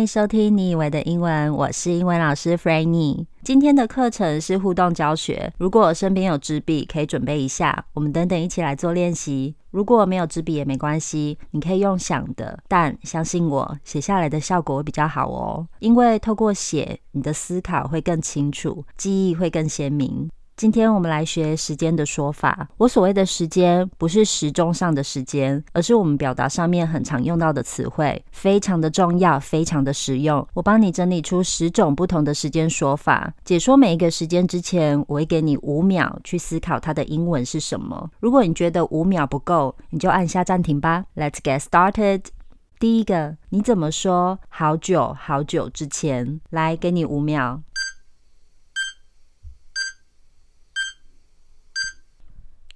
歡迎收聽你以為的英文，我是英文老師 Frannie。今天的課程是互動教學，如果我身邊有紙筆，可以準備一下，我們等等一起來做練習。如果沒有紙筆也沒關係，你可以用想的，但相信我，寫下來的效果會比較好哦。因為透過寫，你的思考會更清楚，記憶會更鮮明。今天我們來學時間的說法。我所謂的時間，不是時鐘上的時間，而是我們表達上面很常用到的詞彙，非常的重要，非常的實用。我幫你整理出十種不同的時間說法。解說每一個時間之前，我會給你五秒去思考它的英文是什麼。如果你覺得五秒不夠，你就按下暫停吧。Let's get started。第一個，你怎麼說好久好久之前？來，給你五秒。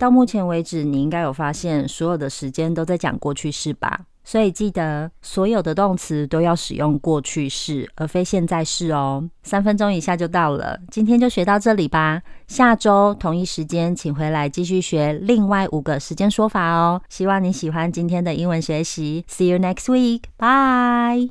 到目前為止，你應該有發現，所有的時間都在講過去式吧？所以記得，所有的動詞都要使用過去式，而非現在式哦。三分鐘一下就到了，今天就學到這裡吧。下周同一時間，請回來繼續學另外五個時間說法哦。希望你喜歡今天的英文學習。See you next week. Bye.